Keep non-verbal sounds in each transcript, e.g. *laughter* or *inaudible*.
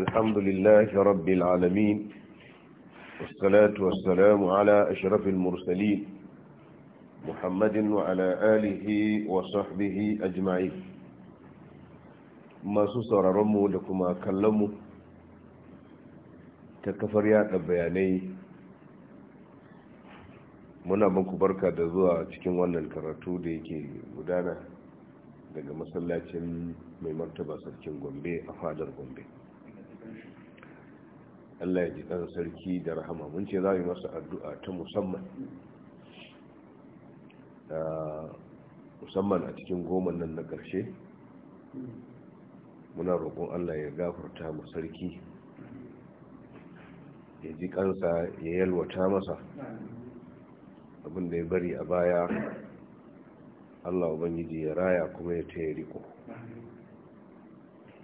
الحمد لله رب العالمين والصلاة والسلام على أشرف المرسلين محمد وعلى آله وصحبه أجمعين ما سسر رمو لكما كلمو تكفريات البياني muna muku barka da zuwa cikin wannan karatu da yake gudana daga masallacin mai martaba sarkin gombe a fadar gombe Allah ya ji kan sarki da rahama mun ce za a yi masa addu'a ta musamman musamman a cikin goman nan na ƙarshe muna roƙon Allah ya gafarta mu sarki ya ji kansa ya yalwata masa abinda ya bari a baya Allah ubangiji ya raya kuma ya taya riko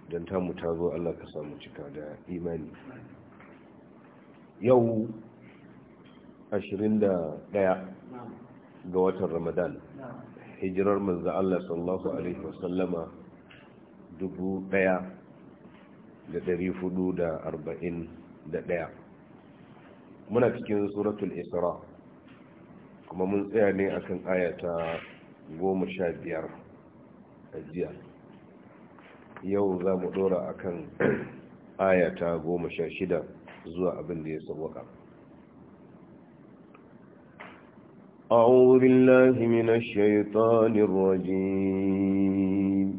don tamu ta zo Allah ka samu cika da imani yau 21 ga watan ramadan hijirar manzan Allah sallallahu alaihi wasallama ɗaya. muna cikin suratul isra kuma mun tsaya ne akan ayata biyar a jiya yau za mu dora akan ayata goma sha shida. zuwa abin da ya sauwaka أعوذ بالله من الشيطان الرجيم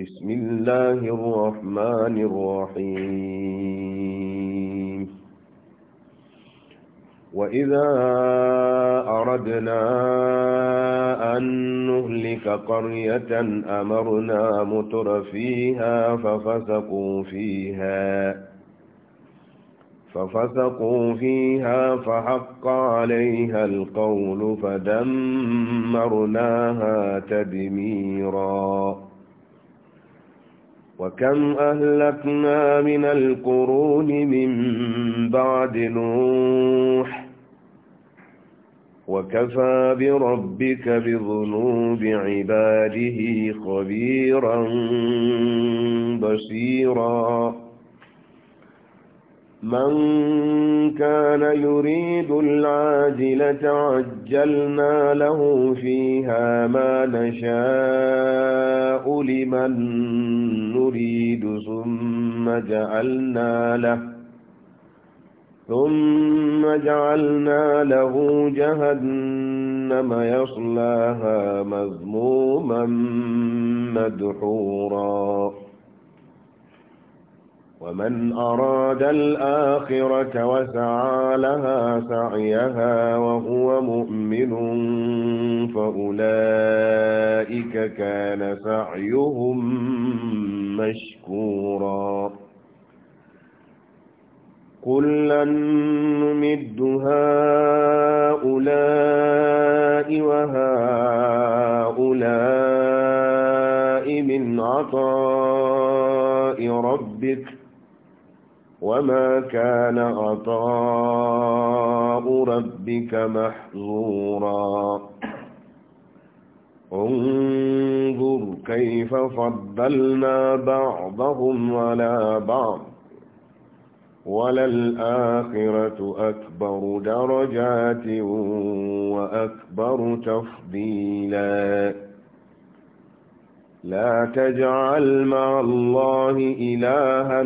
بسم الله الرحمن الرحيم وإذا أردنا أن نهلك قرية أمرنا متر فيها ففسقوا فيها ففسقوا فيها فحق عليها القول فدمرناها تدميرا وكم أهلكنا من القرون من بعد نوح وكفى بربك بذنوب عباده خبيرا بصيرا من كان يريد العاجلة عجلنا له فيها ما نشاء لمن نريد ثم جعلنا له ثم جعلنا له جهنم يصلاها مذموما مدحورا ومن أراد الآخرة وسعى لها سعيها وهو مؤمن فأولئك كان سعيهم مشكورا كلا نمد هؤلاء وهؤلاء من عطاء ربك وما كان عطاء ربك محظورا انظر كيف فضلنا بعضهم على بعض وللآخرة أكبر درجات وأكبر تفضيلاً لا تجعل مع الله إلها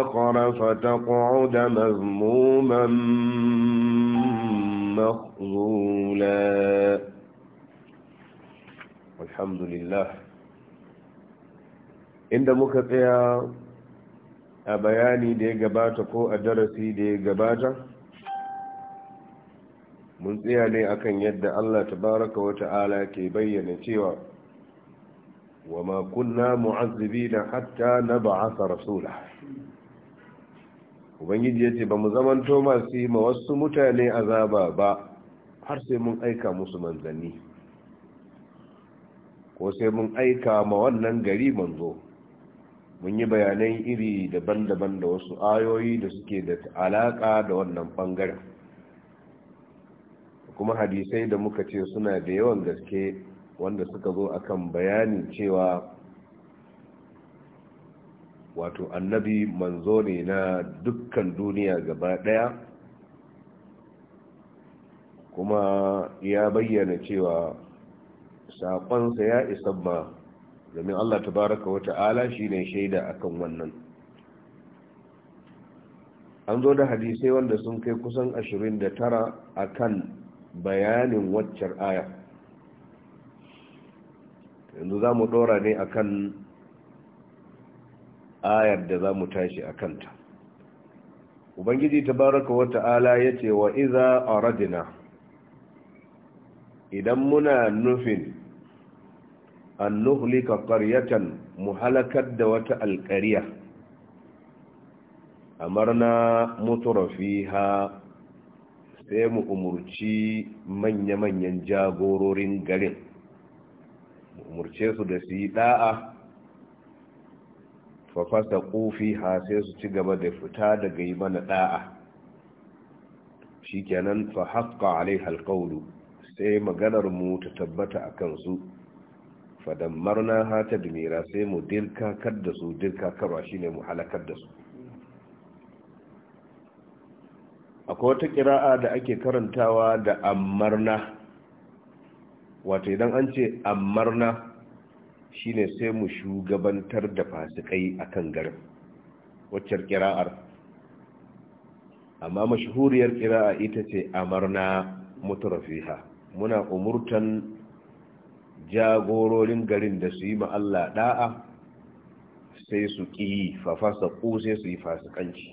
آخر فتقعد مذموما مخذولا الحمد لله عند مكتيا a bayani da ya gabata ko a darasi da ya gabata mun tsaya ne akan yadda Allah tabaraka Wata'ala ke bayyana cewa وما كنا معذبين حتى نبعث رسولا ubangiji ya ce ba mu zamanto masu yi ma wasu mutane azaba ba har sai mun aika musu manzanni ko sai mun aika ma wannan gari manzo mun yi bayanai iri daban-daban da wasu ayoyi da suke da alaka da wannan bangaren kuma hadisai da muka ce suna da yawan gaske wanda suka zo akan bayanin cewa wato annabi manzo ne na dukkan duniya gaba daya kuma ya bayyana cewa saƙonsa ya isa ma domin allah tabaraka wa ta'ala shine shaida akan wannan an zo da hadisai wanda sun kai kusan 29 akan bayanin waccar aya yanzu za mu ɗora ne a kan ayar da za mu tashi a kanta ubangiji wata wata'ala ya ce wa iza a radina idan muna nufin an nuhlika ƙaryatan mu halakar da wata alƙariya amarna muturafi ha sai mu umurci manya-manyan jagororin garin Murce su da su yi da'a fafasa kofi ha sai su ci gaba da fita daga yi mana da'a shikenan fa haƙƙa alai alqawlu sai maganar mu ta tabbata a kansu na hata da dumira sai mu dirka kar da su dirka karwa shine mu halakar da su akwai wata ƙira'a da ake karantawa da ammarna wato idan an ce amarna shine sai mu shugabantar da fasikai akan garin waccar kira'ar amma mashahuriyar kira'a ita ce amarna mutarafiha muna umurtan jagororin garin da su yi Allah da'a sai su ƙi fafasa ko sai su yi fasikanci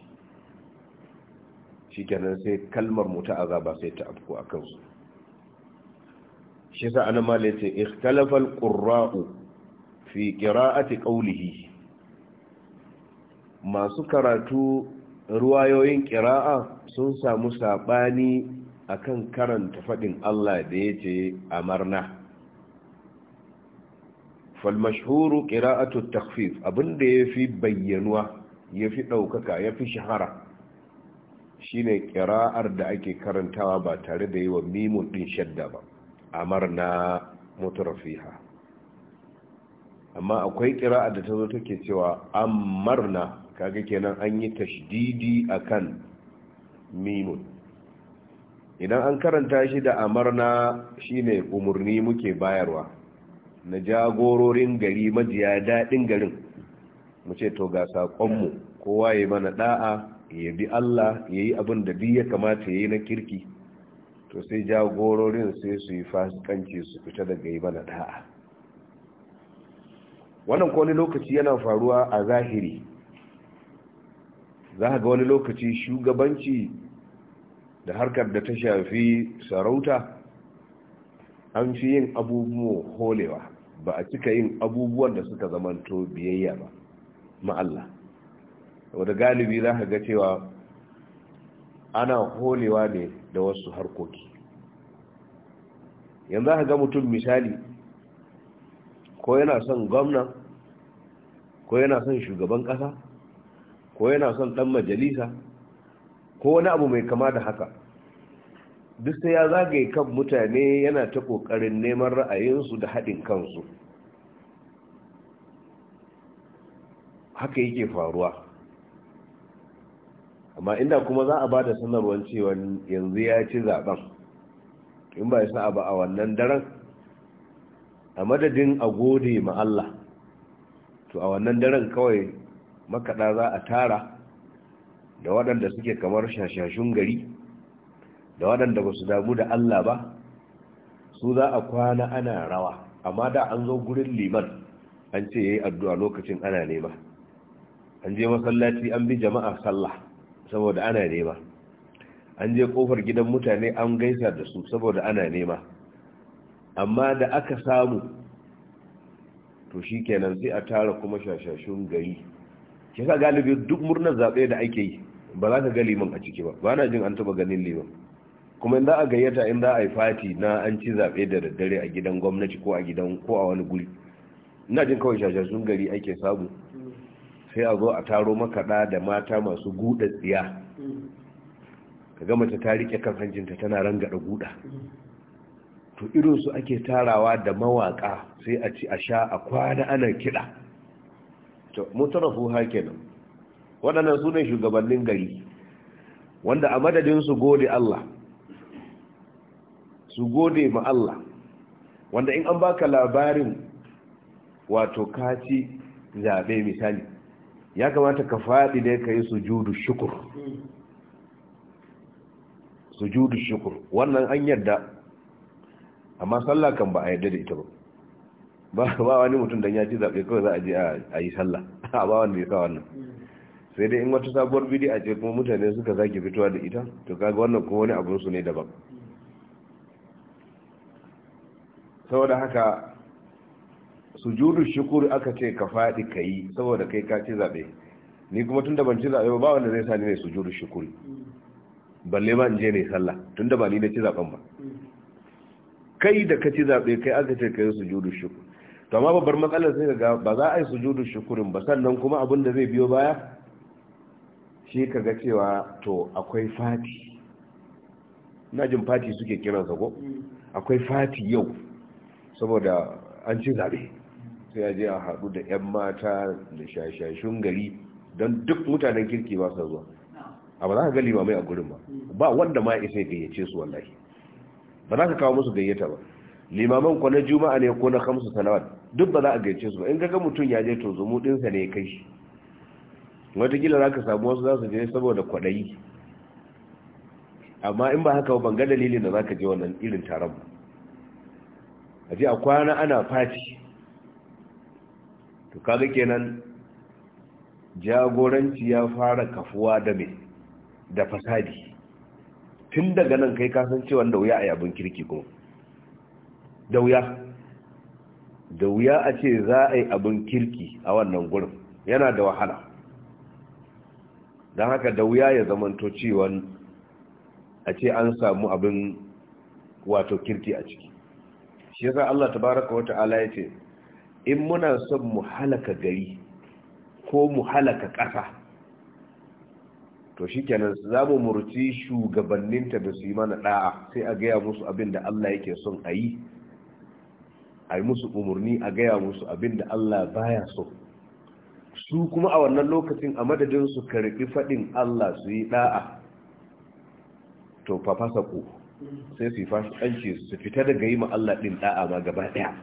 shi kenan sai kalmar mutu azaba sai ta afko a kansu shi sa anan ma lati ikhtalafa al-qurra'u fi qira'ati qawlihi masu karatu ruwayoyin qira'a sun samu sabani akan karanta fadin Allah da yace amarna fal mashhuru qira'atu at-takhfif abinda yafi bayyanuwa yafi daukaka yafi shahara shine qira'ar da ake karantawa ba tare da yawan mimun din shadda ba amarna mutrafiha amma akwai kira'a da ta zo take cewa amarna kaga kenan an yi tashdidi akan mimun idan an karanta shi da amarna shine umurni muke bayarwa na jagororin gari majiya daɗin garin mu ce to ga saƙonmu kowa ya mana ɗa'a ya bi Allah ya yi abin da duk ya kamata ya yi na kirki to sai jagororin sai su yi fasikanci su fita daga yi mana da'a wannan wani lokaci yana faruwa a zahiri za ga wani lokaci shugabanci da harkar da ta shafi sarauta an fi yin abubuwan holewa ba a cika yin abubuwan da suka zamanto biyayya ba ma'alla wadda galibi za a ga cewa ana holewa ne da wasu harkoki yanzu ga mutum misali ko yana son gwamna ko yana son shugaban kasa, ko yana son ɗan majalisa ko wani abu mai kama da haka duk sai ya zagaye kan mutane yana ta ƙoƙarin neman ra'ayinsu da haɗin kansu haka yake faruwa amma inda kuma za a ba da sanarwar cewa yanzu ya ci zaben in ba ya ba a wannan daren a madadin a gode ma Allah to a wannan daren kawai makaɗa za a tara da waɗanda suke kamar shashashun gari da waɗanda ba su damu da Allah ba su za a kwana ana rawa amma da an zo gurin liman an ce ya yi addu'a lokacin ana nema an je masallaci an bi jama'a sallah saboda ana nema an je kofar gidan mutane an gaisa da su saboda ana nema amma da aka samu to shi kenan sai a tara kuma shashashun gari ke sa galibi duk murnar zaɓe da ake yi ba za ka ga liman a ciki ba ba na jin an taɓa ganin liman kuma in za a gayyata in za a yi fati na an ci zaɓe da daddare a gidan gwamnati ko a gidan ko a wani guri ina jin kawai shashashun gari ake samu sai a zo a taro makaɗa da mata masu guda tsiya ka mace ta rike kan hancinta tana rangada guda to irin su ake tarawa da mawaka sai a ci a sha a kwana ana kiɗa to mutarafu nan. waɗannan su ne shugabannin gari wanda a madadin su gode Allah su gode ma Allah wanda in an baka labarin wato kaci zaɓe misali ya kamata ka faɗi dai ka yi sujudu shukur sujudu shukur wannan an yadda amma sallah kan ba a yadda da ita ba ba wani mutum da ya ci zaɓe kawai za a je a yi sallah *laughs* a ba wanda ya sa wannan sai dai in wata sabuwar bidiyo a ce kuma mutane suka zaki fitowa da ita to kaga wannan kuma wani abun su ne daban saboda haka sujudu shukuri aka ce ka faɗi ka yi saboda kai ka ci zaɓe ni kuma tun da ban ci zaɓe ba wanda zai sani ne sujudu shukuri balle ma in je ne sallah tun da ba ni ne ci zaɓen ba kai da ka ci zaɓe kai aka ce ka yi sujudu shukuri to amma babbar matsalar sai ga ba za a yi sujudu shukurin ba sannan kuma abin da zai biyo baya shi ka ga cewa to akwai fati na jin fati suke kiransa ko mm. akwai fati yau saboda an ci zaɓe sai a je a haɗu da 'yan mata da shashashun gari don duk mutanen kirki ba su zuwa a ba za ka ga limamai a gurin ba ba wanda ma isai gayyace su wallahi ba za ka kawo musu gayyata ba limaman ko na juma'a ne ko na kamsu salawat duk ba za a gayyace su ba in ga mutum ya je to zumu dinsa ne kai shi watakila za ka samu wasu za su je saboda kwaɗayi amma in ba haka ban ga dalilin da za ka je wannan irin taron ba a je a kwana ana fati to kaga kenan jagoranci ya fara kafuwa da mai da fasadi tun daga nan kai kasance da wuya a yabin kirki ko da wuya da wuya a ce za a yi abin kirki a wannan gurin yana da wahala don haka da wuya ya zamanto cewa a ce an samu abin wato kirki a ciki shi yasa Allah tabaraka wa ta'ala ya ce in muna son mu halaka gari ko mu halaka ƙasa to shi kenan za mu murci shugabanninta da su yi mana ɗa'a sai a gaya musu abin da Allah yake son a yi a yi musu umarni a gaya musu abin da Allah baya so su kuma a wannan lokacin a madadin su karfi faɗin Allah su yi ɗa'a to fafasa ku sai su yi fashi su fita daga yi ma Allah ɗin ɗa'a ma gaba ɗaya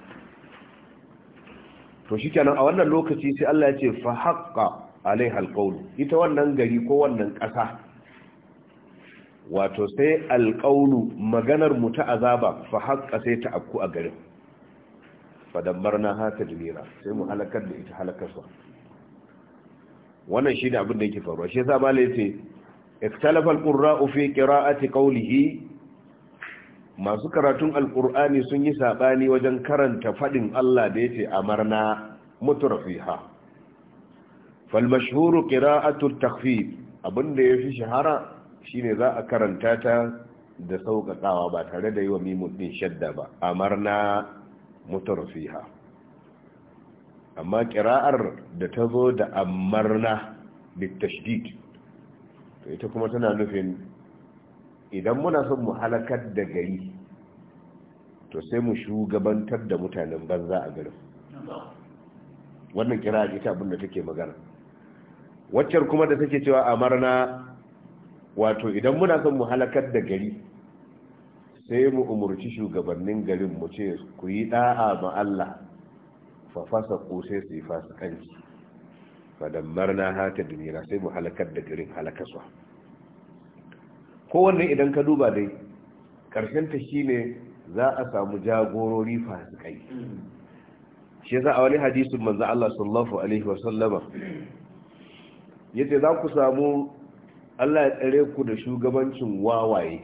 to kenan a wannan lokaci sai Allah ya ce fa haqqa alai alqawl ita wannan gari ko wannan ƙasa wato sai alqawlu maganar mu ta azaba fa haqqa sai ta akku a garin fa dambarna haka tadmira sai mu halakar da ita sa wannan shi ne abin da yake faruwa shi yasa malai yace ikhtalafa alqurra'u fi qira'ati qawlihi masu karatun alkur'ani sun yi saɓani wajen karanta faɗin Allah da ya ce a marna muturafiha Falmashuru qira'atu takhfif abinda ya fi shahara shine za a karanta ta da sauƙaƙawa ba tare da yi wa mimun shadda ba a marna muturafiha amma ƙira'ar da ta zo da amarna bitashdid to ita kuma tana nufin idan muna son mu halakar da gari to sai mu shugabantar da mutanen banza a garin wannan kira ita abinda take magana waccar kuma da take cewa a marna wato idan muna son mu halakar da gari sai mu umurci shugabannin garin mu ce ku yi da'a ma Allah fa fasa ko sai su yi fa dammarna hata dunira sai mu halakar da garin halakarsa kowanne idan ka duba dai karshen ta shine za a samu jagorori fasikai shi za a wani hadisun manzan Allah sallallahu alaihi wasallama ce za ku samu Allah ya tsere ku da shugabancin wawaye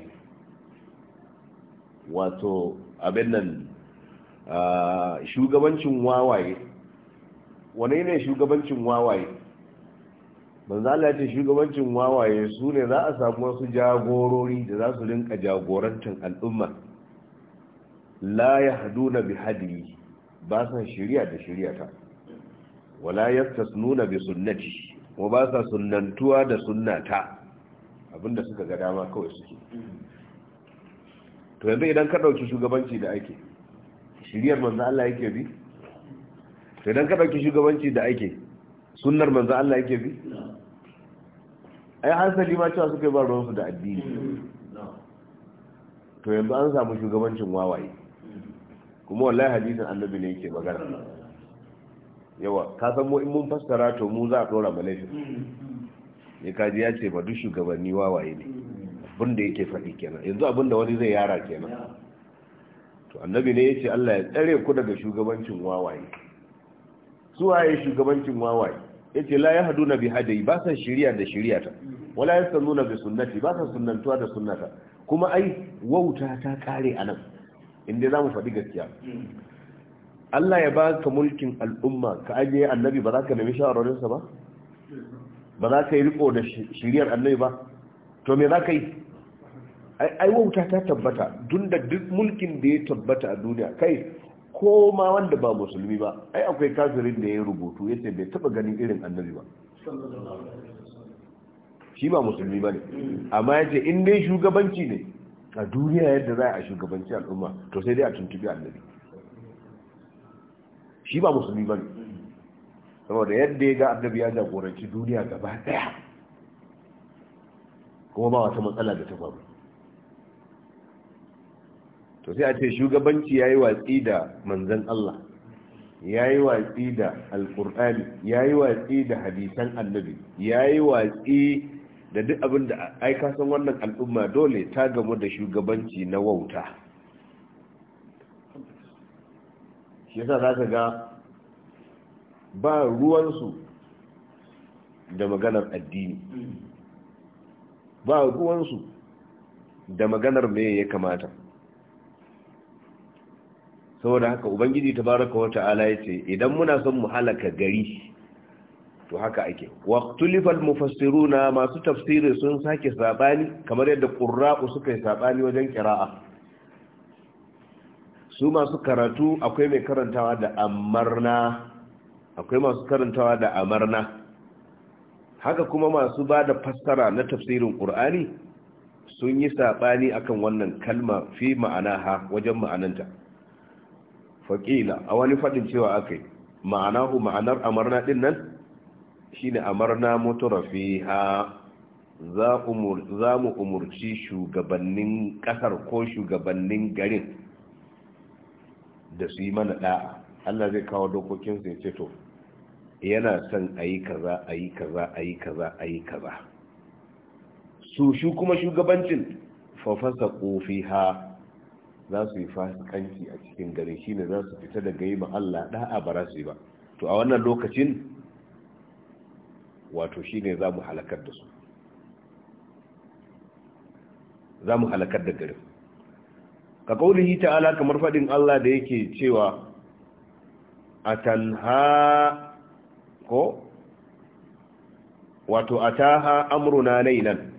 wato abin nan ah, shugabancin wawaye wane ne shugabancin wawaye manzo Allah ya ce shugabancin wawaye su ne za a samu wasu jagorori da za su rinka jagorantar al'umma la yahduna bi hadi ba sa shari'a da ta wala yastasnuna bi sunnati wa ba sa sunnantuwa da sunnata abinda suka ga dama kawai suke to yanzu idan ka dauki shugabanci da ake shari'ar manzo Allah yake bi to idan ka dauki shugabanci da ake sunnar manzo Allah yake bi ai hasali ma cewa suka yi ba ruwansu da addini to yanzu an samu shugabancin wawaye kuma wallahi hadisin annabi ne yake magana yawa ka san mu in mun fassara to mu za a dora mu ne ya kaji ya ce ba duk shugabanni wawaye ne abin da yake faɗi kenan yanzu abin da wani zai yara kenan to annabi ne yace Allah ya tsare ku daga shugabancin wawaye su waye shugabancin wawaye yace la yahduna bi hadayi ba san shiriya da shiriyata wala nuna bi sunnati ba san sunnantuwa da sunnata kuma ai wauta ta kare anan inda zamu faɗi gaskiya Allah ya baka mulkin al'umma ka ajiye annabi ba za ka nemi shawararinsa ba ba za ka yi riko da shiriyar annabi ba to me za ka yi ai wauta ta tabbata tun da duk mulkin da ya tabbata a duniya kai ko ma wanda ba musulmi ba ai akwai kafirin da ya rubutu yace bai taba ganin irin annabi ba shi ba musulmi ba ne amma yace in dai shugabanci ne a duniya yadda za a shugabanci al'umma to sai dai a tuntubi annabi shi ba musulmi ba ne saboda yadda ya ga annabi ya jagoranci duniya gaba daya kuma ba wata matsala da ta faru to sai a ce shugabanci yayi watsi da manzon Allah yayi watsi da alqur'ani yayi watsi da hadisan annabi yayi watsi da duk abin da ai ka san wannan al'umma dole ta gamu da shugabanci na wauta shi yasa ka ga ba ruwansu da maganar addini ba ruwansu da maganar me ya kamata saboda haka ubangiji ta baraka wata ala ya ce, idan muna son mu halaka gari to haka ake mufassiru mufassiruna masu tafsiri sun sake sabani kamar yadda qurra'u suka yi sabani wajen kira'a su masu karatu akwai mai karantawa da amarna akwai masu karantawa da amarna haka kuma masu ba da fassara na tafsirin ƙur'ani sun yi sabani akan wannan kalma fi ma'anaha wajen ma'ananta faƙila a wani faɗin cewa aka yi ma'anahu ma'anar amarna ɗin nan shi ne amarna fi ha za mu umurci shugabannin ƙasar ko shugabannin garin da su yi mana ɗa'a allah zai kawo dokokin zai ce to yana son a yi kaza a yi kaza a yi kaza a yi kaza su shi kuma shugabancin fafasa ƙofi ha za su yi fasikanci a cikin gari shine za su fita gai ma Allah da'a ba su yi ba to a wannan lokacin wato shine za mu halakar da su za mu halakar da gari ka kaulihi ta'ala kamar faɗin Allah da yake cewa a tanha ko wato a taha amruna lailan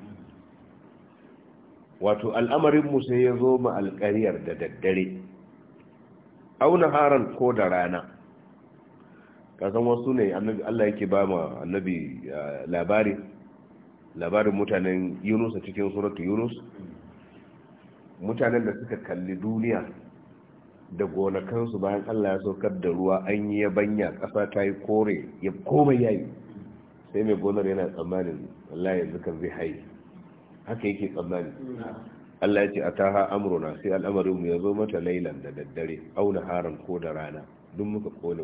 wato al'amarinmu sai ya zo ma alƙaryar da daddare auna haran ko da rana kasan wasu ne annabi allah yake ba ma annabi eh, labari labarin mutanen yunus a cikin suratu yunus mutanen da suka kalli duniya da gonakansu bayan allah ya saukar da ruwa an yi yabanya ƙasa ta yi kore ya komai yayi sai mai gonar yana tsammanin allah yanzu kan zai haihu haka yake tsammani hmm. Allah ya ce a taha amruna sai al'amarin mu ya zo mata lailan da daddare auna haran ko da rana duk muka kone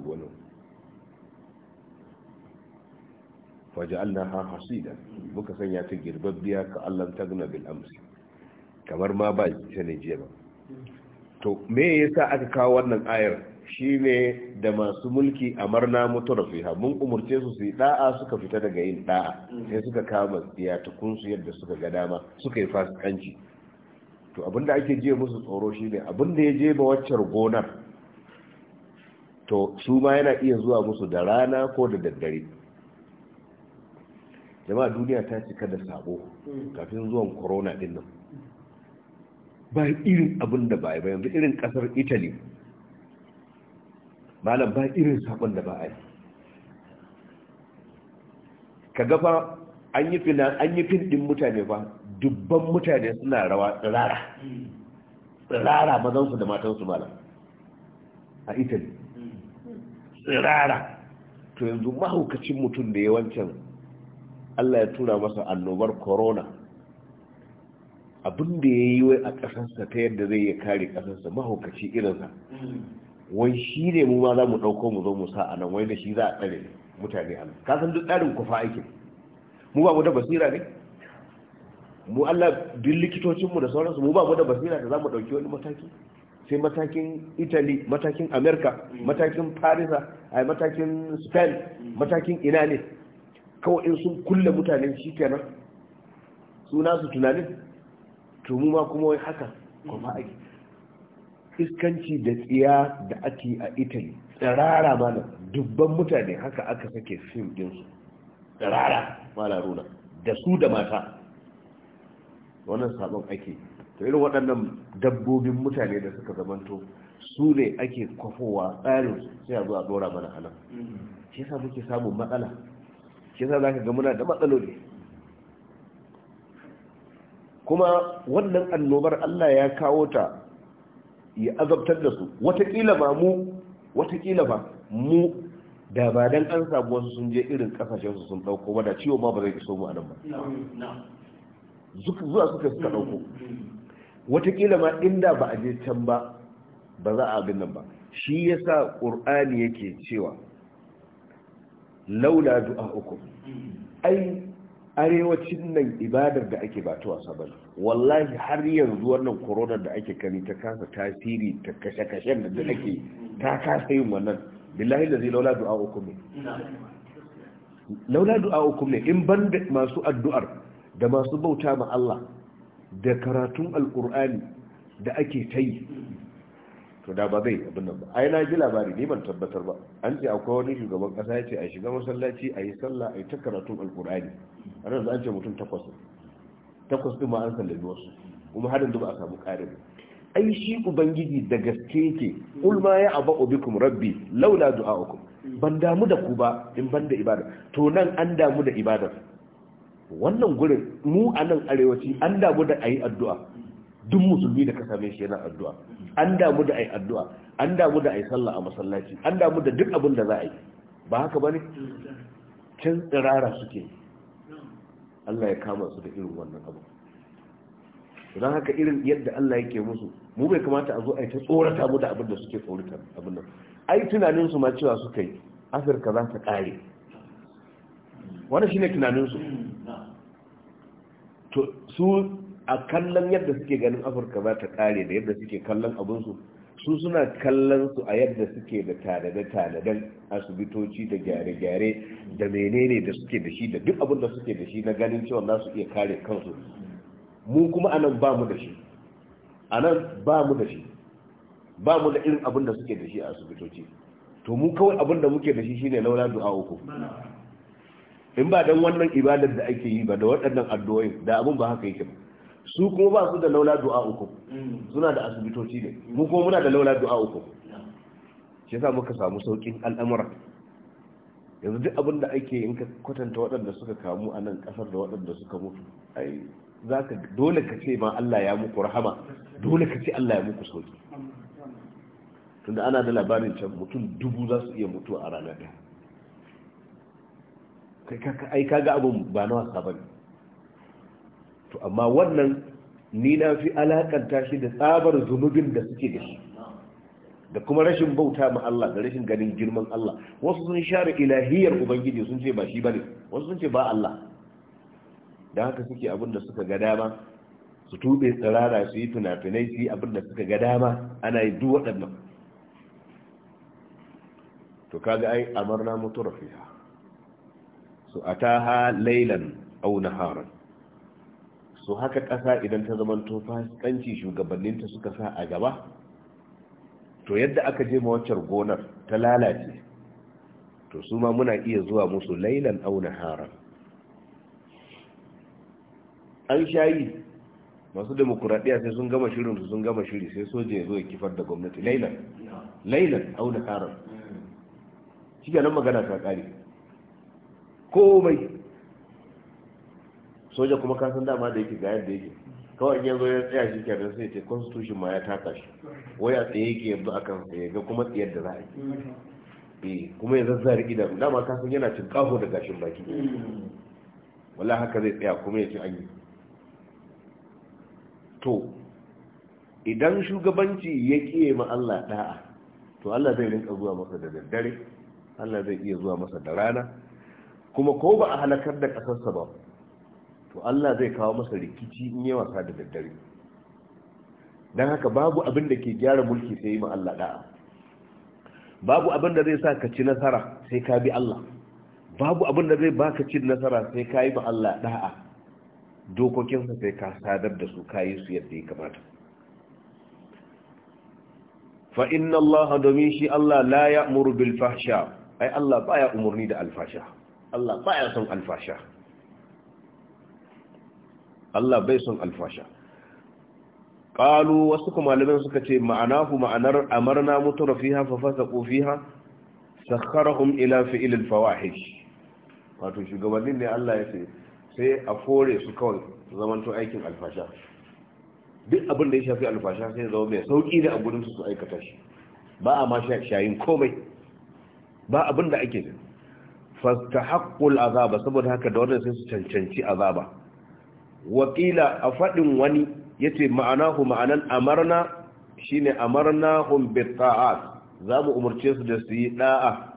Waje Allah ha hasida muka sanya ta biya ka Allah ta bil amsi kamar ma ba ce ne jiya ba hmm. to me ya sa aka kawo wannan ayar Shi ne da masu mulki a amarna mutura fiha mun umurce su su yi da'a suka fita daga yin da'a sai suka kama tsiyatukun tukunsu yadda suka ga dama suka yi fasikanci to abinda ake jiya musu tsoro shi ne abinda ya je ba waccar gonar to su ma yana iya zuwa musu da rana ko da daddare jama'a duniya ta cika da sabo kafin zuwan corona din nan ba irin abin da ba yanzu irin kasar italy malam ba irin sabon da ba a yi ka gafa an yi fina an yi fin din mutane ba dubban mutane suna rawa tsirara tsirara mazansu da matansu malam a italy tsirara to yanzu mahaukacin mutum da yawancin allah ya tura masa annobar corona abinda ya yi wai a ƙasarsa ta yadda zai ya kare ƙasarsa mahaukaci irinsa wai shi ne mu ma za mu ɗauko mu zo mu sa a nan wai da shi za a tsare mutane a nan ka san duk tsarin kufa aikin mu ba mu da basira ne mu Allah duk likitocinmu da sauransu mu ba mu da basira da za mu ɗauki wani mataki sai matakin italy matakin america matakin Parisa, a matakin spain matakin ina ne kawai in sun kulle mutane shi kenan suna su tunanin to mu ma kuma wai haka kuma aiki iskanci da tsiya da ake a italy tsirara mana dubban mutane haka aka sake fim dinsu tsirara mana runa da su da mata wannan sabon ake to irin waɗannan dabbobin mutane da suka zamanto su ne ake kwafowa tsarin sai a zo a dora mana anan shi sa muke samun matsala shi za zaka ga muna da matsaloli kuma wannan annobar Allah ya kawo ta ya azabtar da su watakila ba mu watakila ba mu da ba dan an samu sun je irin kasashen su sun dauko ba da ciwo ma ba zai iso mu a nan ba zuwa suka suka dauko watakila ma inda ba a je can ba ba za a abin nan ba shi yasa qur'ani yake cewa laula du'a uku? ai arewacin nan ibadar da ake ba tuwa wasa wallahi har yanzu wannan koronar da ake kani ta kasa tasiri ta kashe-kashen da ake ta kasa yin wannan billahi da zai laula du'a uku ne laula du'a uku ne in ban da masu addu'ar da masu bauta ma Allah da karatun alkur'ani da ake ta to da ba zai abin nan ba ai na ji labari ne ban tabbatar ba an ce akwai wani shugaban kasa ya ce a shiga masallaci a yi sallah a yi ta karatun alkurani a nan an ce mutum takwas takwas ɗin ma an sallami wasu kuma har yanzu ba a samu ƙarin ai shi ubangiji da gaske yake kul ma ya aba ubikum rabbi laula du'a'ukum ban damu da ku ba in ban da ibada to nan an damu da ibada wannan gurin mu a nan arewaci an damu da ayi addu'a duk musulmi da ka same shi yana addu'a an damu da ai addu'a an damu da ai sallah a masallaci an damu da duk abin da za a yi ba haka bane cin tsirara suke Allah ya kama su da irin wannan abu don haka irin yadda Allah yake musu mu bai kamata a zo a yi ta tsorata mu da abin da suke tsorata abin nan ai tunanin su ma cewa suka yi afirka za ta kare wannan shine tunanin su to su a kallon yadda suke ganin afirka ba ta kare da yadda suke kallon abinsu su suna kallon su a yadda suke da tanade-tanaden asibitoci da gyare-gyare da menene da suke da shi da duk abin da suke da shi na ganin cewa za su iya kare kansu mu kuma anan ba mu da shi anan ba mu da shi ba mu da irin abin da suke da shi a asibitoci to mu kawai abin da muke da shi shine laula du'a uku in ba dan wannan ibadar da ake yi ba da waɗannan addu'o'in da abin ba haka yake ba su kuma ba su da laula du'a uku suna da asibitoci ne mu kuma muna da laula du'a uku shi yasa muka samu saukin al'amura yanzu duk abin da ake in ka kwatanta waɗanda suka kamu a nan ƙasar da waɗanda suka mutu ai za ka dole ka ce ma Allah ya muku rahama dole ka ce Allah ya muku sauki tunda ana da labarin can mutum dubu za su iya mutuwa a rana ɗaya kai ai kaga abin ba na wasa bane to amma wannan ni na fi alakanta shi da tsabar zunubin da suke da shi da kuma rashin bauta ma Allah da rashin ganin girman Allah wasu sun share ilahiyar ubangiji sun ce ba shi bane wasu sun ce ba Allah dan haka suke abin da suka ga dama su tube tsirara su yi tunafinai su yi abin da suka ga dama ana yi duk waɗannan to kaga ai amarna mutu fiha su ataha laylan aw naharan so haka ƙasa idan ta zamanto fasikanci shugabanninta suka sa a gaba to yadda aka je mawacar gonar ta lalace to su ma muna iya zuwa musu lailan auna haram an shayi masu demokuraɗiyya sai sun gama shirin sun gama shiri sai soja ya zo ya kifar da gwamnati lailan lailan auna haram shi nan magana ta ƙari komai soja kuma ka san dama da yake ga yadda yake kawai in yanzu ya tsaya shi kenan sai ce constitution ma ya taka shi wai a tsaye yake yanzu akan sa ya ga kuma tsayar da za a yi eh, kuma ya zazzare idanu dama kasan yana cin kaho da gashin baki wala haka zai tsaya kuma ya ci an yi to idan shugabanci ya kiye ma Allah da'a to Allah zai rinka zuwa masa da daddare Allah zai iya zuwa masa da rana kuma ko ba a halakar da ƙasarsa ba to Allah zai kawo masa rikici in yi wasa da daddare don haka babu abin da ke gyara mulki sai yi ma Allah da'a babu abin da zai sa ka ci nasara sai ka bi Allah babu abin da zai baka cin nasara sai ka yi ma Allah da'a dokokinsa sai ka sadar da su ka yi su yadda ya kamata fa inna Allah domin shi Allah la ya bil fahsha ai Allah baya umurni da alfasha Allah baya son alfasha Allah bai son alfasha qalu wasu kuma malaman suka ce ma'anahu ma'anar amarna mutura fiha fa fasaqu fiha sakharahum ila fi'l al-fawahish wato shugabannin ne Allah ya ce sai a fore su kawai zamanto aikin alfasha duk abin da ya shafi alfasha sai zama mai sauki ne a gurin su su aikata shi ba a ma shayin komai ba abin da ake fasta haƙƙul azaba saboda haka da wannan sai su cancanci azaba wakila a faɗin wani yace ma'anahu ma'anan amarna shine amarnahum bitta'at za mu umarce su da su yi ɗa'a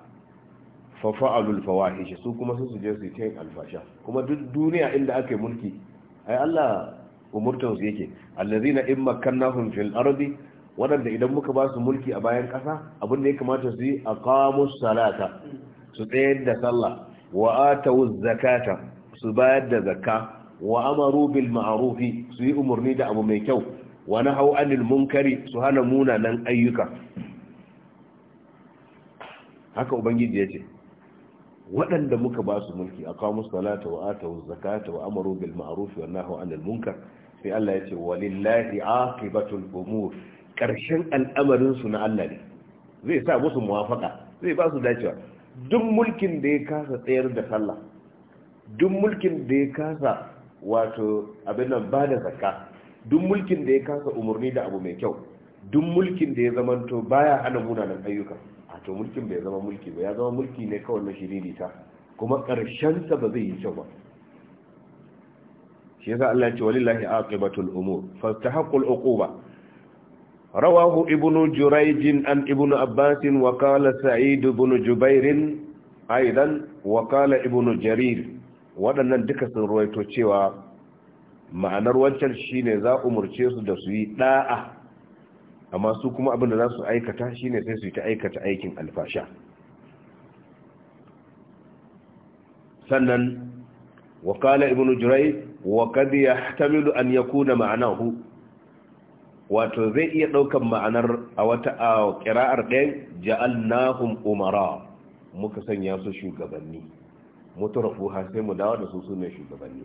fa fa'alul ishe su kuma sun su je su yi alfasha kuma duk duniya inda ake mulki ai Allah umurtan su yake allazina in makkannahum fil ardi wadanda idan muka ba su mulki a bayan kasa abin da ya kamata su yi aqamus salata su tsayar da sallah wa atawuz zakata su bayar da zakka wa amaru bil ma'arufi su yi umarni da abu mai kyau wa nahau anil munkari su hana munanan ayyuka haka ubangiji ya ce waɗanda muka ba su mulki a kawo salata wa atawu zakata wa amaru bil ma'arufi wa nahau anil munkar sai Allah ya walillahi aqibatul umur karshen al'amarin su na Allah ne zai sa musu muwafaka zai ba su dacewa duk mulkin da ya kasa tsayar da sallah duk mulkin da ya kasa wato abin nan ba da zakka duk mulkin da ya kasa umarni da abu mai kyau duk mulkin da ya zamanto baya hana munanan ayyuka a to mulkin bai zama mulki ba ya zama mulki ne kawai na shiririta kuma ƙarshensa ba zai yi kyau ba shi yasa Allah ya ce walillahi aqibatul umur fastahaqul uquba rawahu ibnu jurayj an ibnu abbas wa qala sa'id ibn jubair aidan wa qala ibnu jarir waɗannan duka sun ruwaito cewa ma'anar wancan shine za umurce su da su yi ɗa'a, amma su kuma abin da za su aikata shine sai su yi ta aikata aikin alfasha sannan wakala ibn jurai wa ya tamilu an ya kuna ma'anar hu wato zai iya ɗaukar ma'anar a wata ɗaya Ja'al Nahun umara muka sanya su shugabanni mutarafuha sai mu dawo da su sunan shugabanni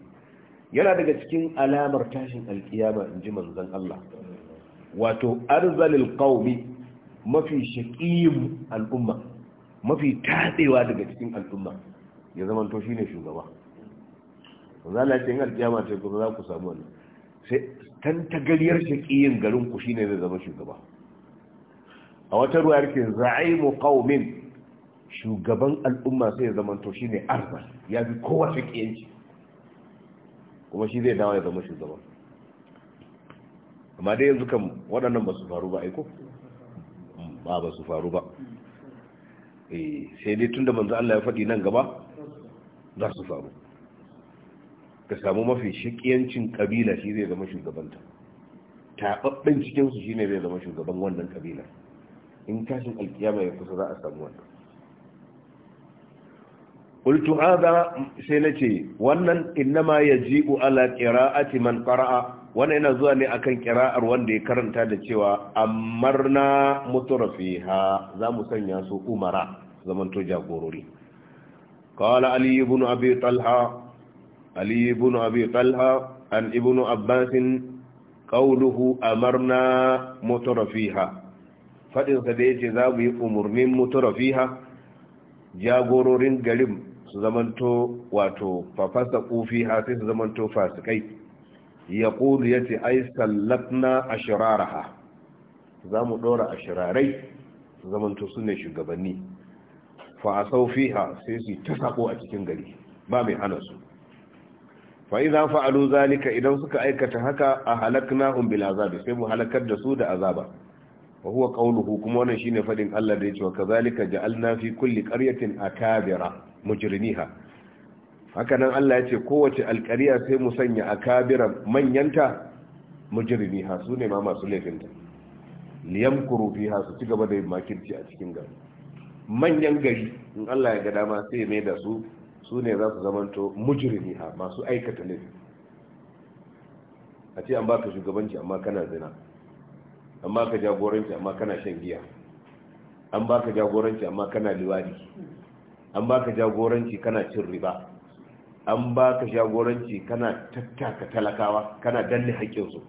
yana daga cikin alamar tashin alkiyama in ji manzon Allah wato arzalil qaumi mafi shaqiyin al'umma mafi tatsewa daga cikin al'umma ya zama to shine shugaba manzon Allah ce in alkiyama ce kuma za ku samu wannan sai tantagariyar shaqiyin garin ku shine zai zama shugaba a wata ruwayar ke za'imu qaumin shugaban al'umma sai ya zamanto shi ne arzal ya bi kowa shakiyanci kuma shi zai dawo ya zama shugaban amma dai yanzu kan waɗannan ba su faru ba aiko ba ba su faru ba eh, sai dai tun da manzo Allah ya faɗi nan gaba za su faru ka samu mafi shakiyancin kabila shi zai zama shugabanta taɓaɓɓen cikinsu shi ne zai zama shugaban wannan kabila in tashin alkiyama ya kusa za a samu wannan qultu hadha sai nace wannan innama yaji'u ala qira'ati man qara'a wannan yana zuwa ne akan qira'ar wanda ya karanta da cewa amarna mutrafiha za mu sanya su umara zamanto jagorori qala ali ibn abi talha ali ibn abi talha an ibn abbas qawluhu amarna mutrafiha fadin sa da yace za mu yi umurnin mutrafiha jagororin garin su zamanto wato fafasa kufi ha sai su zamanto fasikai ya kulu ya ce ai sallatna a shiraraha za mu ɗora a shirarai su zamanto su ne shugabanni fa a saufi ha sai su ta sako a cikin gari ba mai hana su fa idan fa'alu zalika idan suka aikata haka a halaknahum bil azabi sai mu halakar da su da azaba wa huwa qawluhu kuma wannan shine fadin Allah da yake wa kazalika ja'alna fi kulli qaryatin akabira mujrimiha hakanan Allah ya ce kowace alƙariya sai mu sanya akabira manyanta mujrimiha su ne ma masu laifinta liyamkuru fiha su ci gaba da yin makirci a cikin gari manyan gari in Allah ya ga dama sai mai da su su ne za su zamanto mujrimiha masu aikata laifi a ce an baka shugabanci amma kana zina an baka jagoranci amma kana shan giya an baka jagoranci amma kana liwadi an baka jagoranci kana cin riba an baka jagoranci kana tattaka talakawa kana danne haƙƙinsu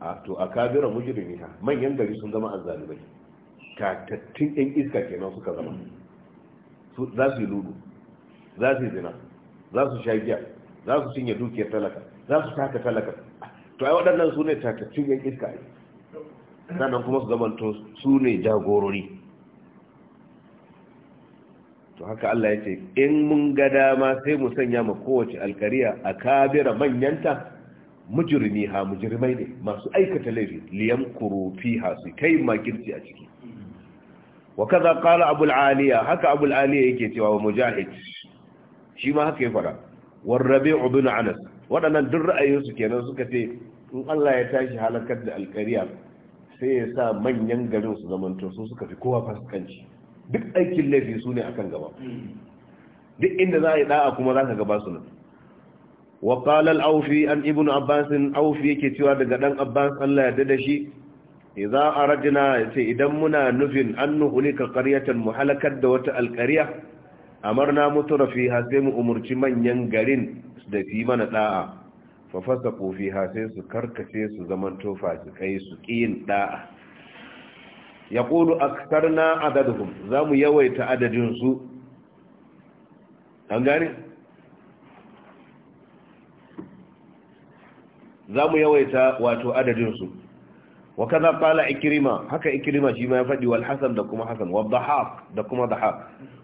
a to a kabira mujirimi ha manyan gari sun zama azzalumai tattun yan iska kenan suka zama za su yi ludu za su yi zina za su sha giya za su cinye dukiyar talaka za su taka talaka to ai waɗannan su ne tattun yan iska sannan kuma su to su ne jagorori to haka Allah ya ce in mun ga dama sai mu sanya ma kowace alkariya a kabira manyanta mujirmi ha mujirmai ne masu aikata laifi liyan kurufi ha su kai makirci a ciki wa kaza qala abul aliya haka abul aliya yake cewa wa mujahid shi ma haka ya fara war rabi'u bin anas waɗannan duk ra'ayinsu kenan suka ce in Allah ya tashi halakar da alkariya sai ya sa manyan garin su zamanto su suka fi kowa fasikanci duk aikin laifi su ne akan gaba duk inda za a yi da'a kuma za ka gaba su nan wa qala al-awfi an ibnu abbas awfi yake cewa daga dan abbas Allah ya dada shi idza aradna yace idan muna nufin an nuhlika qaryatan muhalakat da wata alqarya amarna mutura fiha sai mu umurci manyan garin da fi mana da'a fa fasaqu fiha sai su karkace su zaman tofa su kai su kiyin da'a ya a aksarna adadukum za mu yawaita adadinsu an gani za mu yawaita wato adadinsu wa kaza kala ikirima haka ikirima shi ma ya faɗi wal da kuma hasan wa dhahab da kuma dhahab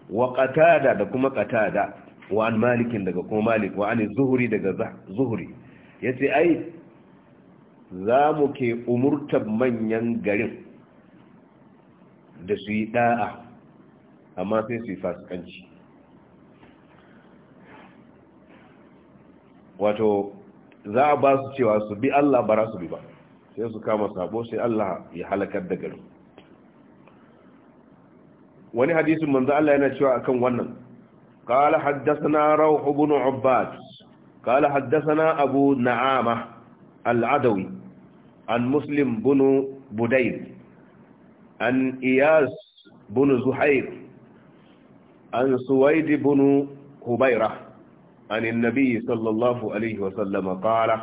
wa qatada da kuma qatada wa an malikin daga kuma malik wa an zuhuri daga zuhuri yace ai za mu ke umurtar manyan garin da su yi da'a amma sai su yi fasikanci wato za a ba su cewa su bi Allah bara su bi ba sai su kama sabo sai Allah ya halakar da garin wani hadisun manzo Allah yana cewa akan wannan قال حدثنا روح بن عباد قال حدثنا أبو نعامة العدوي عن مسلم بن بديد an iyas bin zuhair an suwaid bin hubaira an annabi sallallahu alaihi wa sallama qala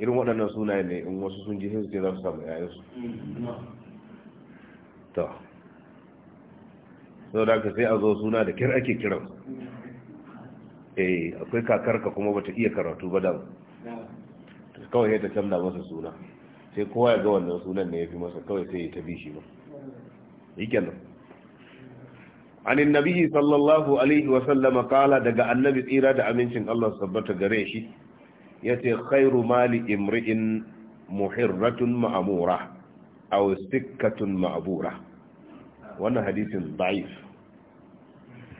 irin waɗannan sunaye ne in wasu sun ji sai za su samu yayin su to sau da ka sai a zo suna da kyar ake kiran eh akwai kakarka kuma bata iya karatu ba da kawai ya ta canza masa suna sai kowa ya ga wannan sunan ne ya fi masa kawai sai ya tabi shi ba shikenan an annabi sallallahu alaihi wa sallam qala daga annabi tsira da amincin Allah Sabbata gare shi ce khairu mali imri'in muhirratun ma'amura aw sikkatun ma'bura wannan hadisin da'if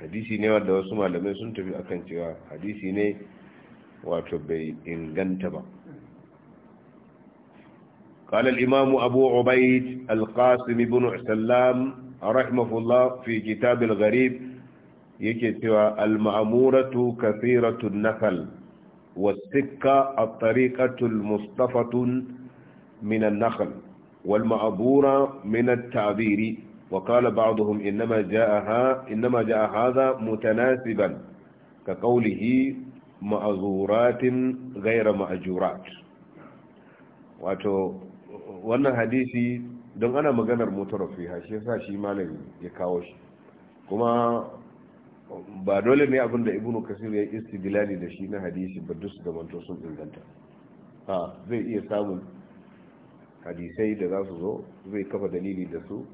hadisi ne wanda wasu malamai sun tafi akan cewa hadisi ne wato bai inganta ba قال الإمام أبو عبيد القاسم بن سلام رحمه الله في كتاب الغريب يكتوى المأمورة كثيرة النخل والسكة الطريقة المصطفة من النخل والمعبورة من التعبير وقال بعضهم إنما جاءها إنما جاء هذا متناسبا كقوله معذورات غير مأجورات وأتو wannan hadisi don ana maganar motar fiha shi yasa shi malami ya kawo shi kuma ba dole ne abinda da ibnu kasir ya istidlali da shi na hadisi ba duk da manto sun inganta ha zai iya samun hadisai da za su zo zai kafa dalili da su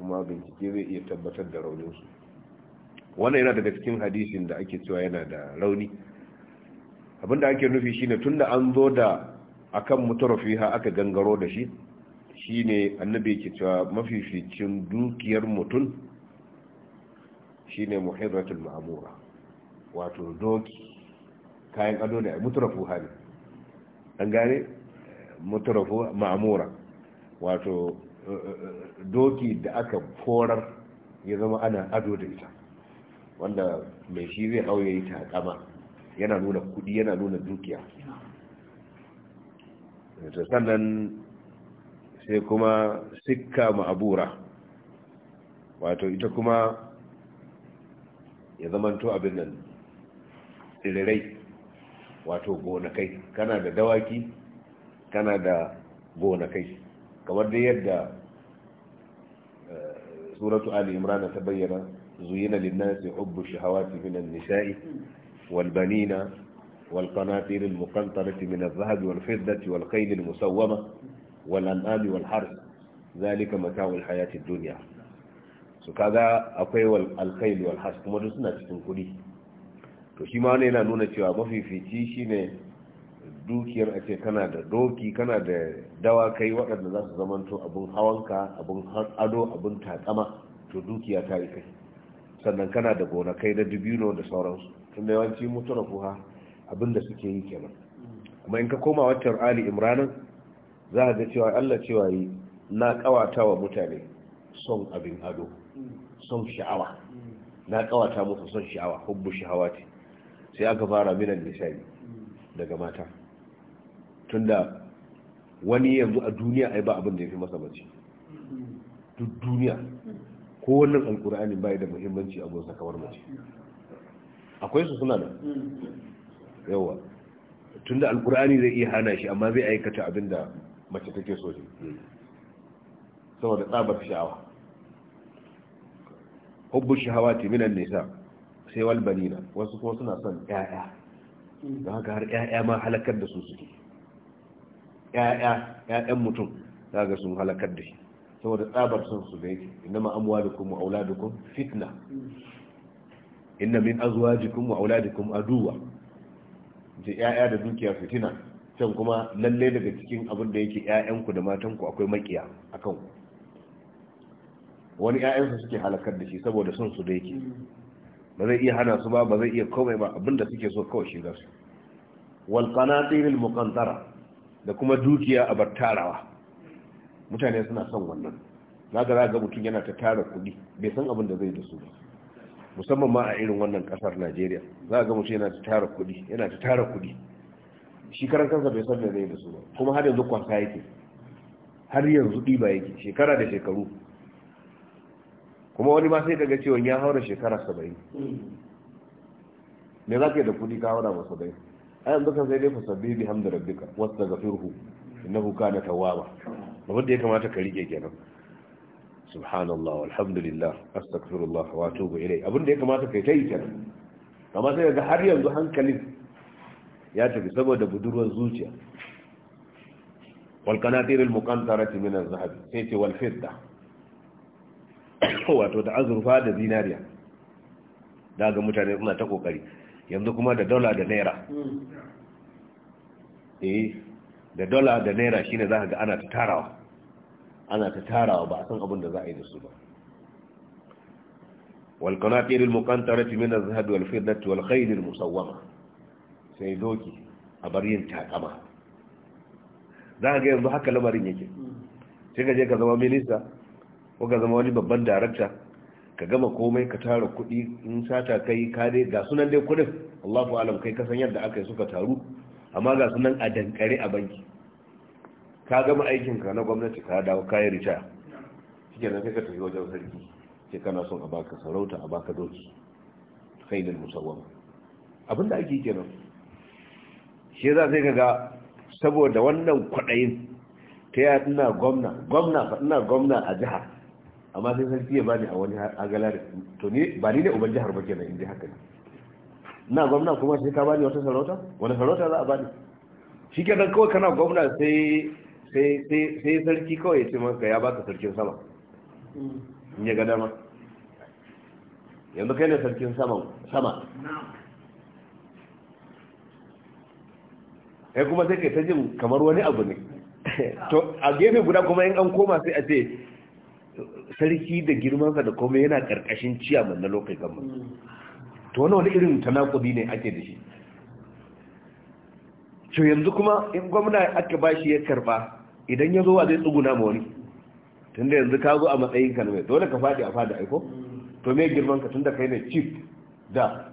kuma bincike zai iya tabbatar da rauninsu wannan yana daga cikin hadisin da ake cewa yana da rauni abinda ake nufi shine tunda an zo da akan mutarafiha aka gangaro da shi Shi ne annabi ke cewa mafificin dukiyar mutum ne muhirratul ma'amura wato doki kayan ado da mutarafu hali an gane mutarafu ma'amura wato eh, eh, doki da aka forar ya zama ana ado da ita wanda mai shi zai hau ya yi takama yana nuna kudi yana nuna dukiya sannan sai kuma sikka ma'abura wato ita kuma ya zamanto abin nan tsirrai wato gonakai kana da dawaki kana da gonakai kamar da yadda eh, suratu ali imran ta bayyana zuyina linnasi hubbu shahawati min an-nisa'i wal banina wal qanatir al-muqantarati min adh-dhahabi wal fiddati wal khayl al-musawwama والأنعام والحرث zalika متاع الحياة duniya. su kaga akwai alkhaili wal kuma duk suna cikin kudi to shi ma wani yana nuna cewa mafifici shine dukiyar a ce kana da doki kana da dawakai waɗanda za su zamanto abun hawanka abun ado abun takama to dukiya ta yi kai sannan kana da gonakai da dubino da sauransu tunda yawanci mutura kuha abinda suke yi kenan amma in ka koma waccan ali imranin za a ga cewa Allah cewa yi na kawata wa mutane son abin ado son sha'awa na kawata musu son sha'awa hubbu sha'awa ce, sai aka fara minan nisani daga mata tunda wani yanzu a duniya ai ba abin da ya fi masa mace duk duniya ko wannan alkur'ani bai da muhimmanci a gonsa kamar mace akwai su suna da yawa tunda alkur'ani zai iya hana shi amma zai aikata abin da mace take so ne hmm. saboda tsabar sha'awa hubbu shahawati minan nisa sai wal banina wasu kuma suna son ƴaƴa hmm. don haka har ƴaƴa ma halakar da su suke ƴaƴa ƴaƴan mutum daga sun halakar da shi saboda tsabar son su da yake inma amwalukum wa auladukum fitna hmm. inna min azwajikum wa auladikum aduwa je ƴaƴa da dukiya fitina can kuma lalle daga cikin abin da yake ƴaƴanku da matanku akwai makiya akan ku wani ƴaƴansu suke halakar da shi saboda son su da yake ba zai iya hana su ba ba zai iya komai ba abin da suke so kawai shi su wal qanatir muqantara da kuma dukiya a battarawa mutane suna son wannan zaka za ga mutum yana ta tara kuɗi bai san abin da zai da su ba musamman ma a irin wannan kasar Najeriya za ga mutum yana ta tara kuɗi yana ta tara kuɗi shi karan kansa bai san me zai da su ba kuma har yanzu kwasa yake har yanzu ɗiba yake shekara da shekaru kuma wani ma sai kaga cewa ya haura shekara saba'in me za ka yi da kuɗi ka haura masa dai a yanzu kan sai dai fasabbi bi hamdu rabbika firhu na innahu kana tawwaba abin da ya kamata ka rike kenan subhanallah walhamdulillah astaghfirullah wa atubu ilai abin da ya kamata kai ta yi kenan amma sai ga har yanzu hankalin ya tafi saboda budurwar zuciya wal qanatirul muqantarati min zahabi, zahab sai ce wal fidda *coughs* wato da azurfa da zinariya daga mutane suna ta kokari yanzu kuma da dola da naira eh da dola da naira shine zaka ga ana ta tarawa ana ta tarawa ba a san abin da za a yi da su ba wal qanatirul muqantarati min az-zahab wal fiddati wal khayl al-musawwama sai doki a bar yin takama za ga yanzu haka lamarin yake sai ka je ka zama minista ko ka zama wani babban darakta ka gama komai ka tara kudi in sata kai ka dai ga sunan dai kuɗin Allahu alam kai kasan yadda aka suka taru amma ga sunan a dankare a banki ka gama aikin ka na gwamnati ka dawo ka yi rita nan sai ka tafi wajen sarki ke kana son a baka sarauta a baka doki khailul musawwama abinda ake kenan shi yasa sai kaga saboda wannan kwaɗayin ta yi ina gwamna gwamna ina gwamna a jiha amma sai sarki ya bani a wani agala to ni ba ni ne uban jihar bakin kenan in ji haka ne ina gwamna kuma sai ka bani wata sarauta wani sarauta za a bani shi kenan kawai kana gwamna sai sai sarki kawai ya ce maka ya baka sarkin sama mm. in ya ga dama yanzu kai ne sarkin sama ya kuma sai ka ta jin kamar wani abu ne to a gefe guda kuma in an koma sai a ce sarki da girmansa da komai yana karkashin ciyaman na lokai gama to wani wani irin tanakudi ne ake da shi to yanzu kuma in gwamna aka ba shi ya karba idan ya zo a zai tsuguna ma wani tun da yanzu ka zo a matsayin ka mai dole ka fadi a fada aiko to me girman ka tun da kai ne chief da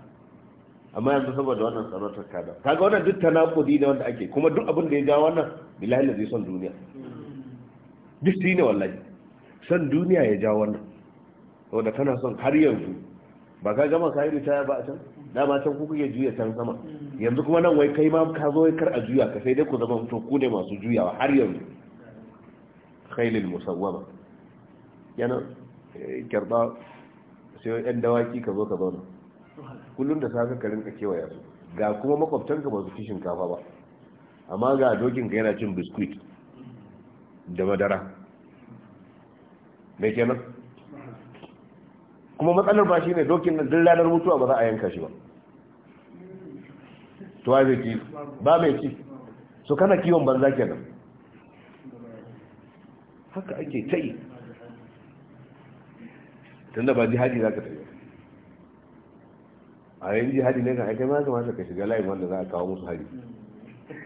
amma yanzu saboda wannan tsaron kada kaga wannan duk tanakudi ne wanda ake kuma duk abin da ya ja wannan bilahi da zai son duniya duk shi ne wallahi son duniya ya ja wannan saboda kana son har yanzu ba ka gama ka yi ritaya ba a can dama can ku kuke juya can sama yanzu kuma nan wai kai ma ka zo kar a juya ka sai dai ku zama mutum ku ne masu juyawa har yanzu khailul musawwama yana eh, kyarba sai yan dawaki ka zo ka zauna kullum da safe ka rinka kewaya su ga kuma makwabtanka ba su ci shinkafa ba amma ga dokin ka yana cin biskuit da madara mai kenan kuma matsalar ba shi ne dokin nan duk ranar mutuwa ba za a yanka shi ba tuwa zai ci ba mai ci su kana kiwon banza kenan haka ake ta yi tunda ba jihadi za ka tafi a yin hadi ne kan aikai ma kamata ka shiga layin wanda za a kawo musu hari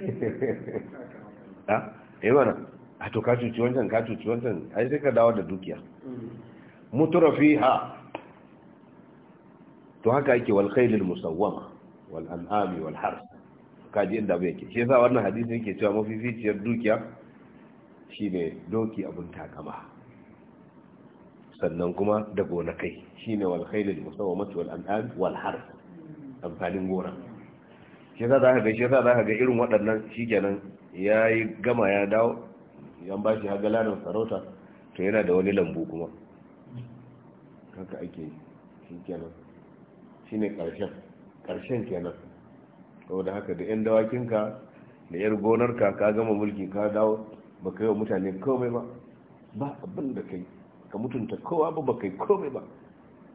a *laughs* yi ah, eh mana a ah, to ka cuci wancan ka cuci wancan ai sai ka dawo da dukiya mm. mutura fi ha to haka ake wal khailil musawwama wal an'ami wal hars kaji inda bai ke. shi yasa wannan hadisi yake cewa mafificiyar dukiya shine doki abun takama sannan kuma da gonakai shine wal khailil musawwamati wal an'am wal hars amfanin gona shi za ka ga shi za ka ga irin waɗannan shikenan ya yi gama ya dawo yan ba shi hagalanin sarauta to yana da wani lambu kuma haka ake shi shikenan shi ne ƙarshen ƙarshen kenan da haka da 'yan dawakinka da 'yar gonarka ka gama mulki ka dawo ba ka yi wa mutane komai ba ba abin da kai ka mutunta kowa ba ba kai komai ba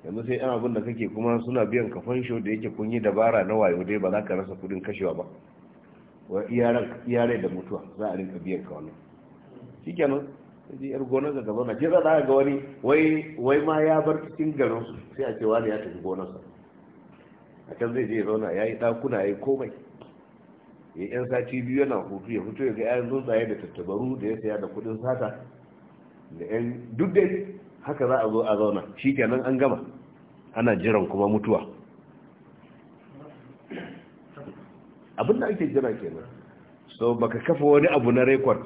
yanzu sai yan abin da kake kuma suna biyan ka fansho da yake kun yi dabara na wayo dai ba za ka rasa kudin kashewa ba wa iyare da mutuwa za a rinka biyan ka wannan shi kenan sai yar gonar ga gaba na ce za ga wani wai wai ma ya bar cikin garin su sai a ce wani ya tafi sa a can zai je ya zauna ya yi ɗakuna ya yi komai ya yan sati biyu yana hutu ya fito ya ga yan tsuntsaye da tattabaru da ya saya da kudin sata da yan duk dai haka za a zo a zauna shi kenan an gama ana jiran kuma mutuwa abinda ake jira kenan so baka kafa wani abu na rekod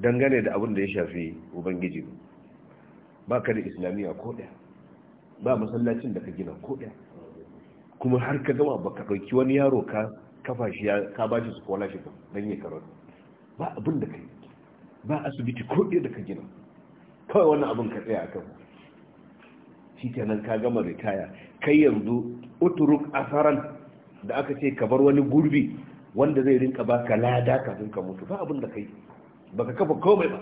dangane da abin da ya shafi ubangiji ba ka da islamiyya ko daya ba masallacin da ka gina ko daya kuma har ka gama ba ka ɗauki wani yaro ka kafa shi ka ba shi scholarship don yi karatu ba abin da ka yi ba asibiti ko ɗaya da ka gina kawai wannan abin ka tsaya a kan. shikenan ka gama ritaya kai yanzu uturuk asaran da aka ce ka bar wani gurbi wanda zai rinka baka lada kafin ka mutu ba abin da kai baka kafa komai ba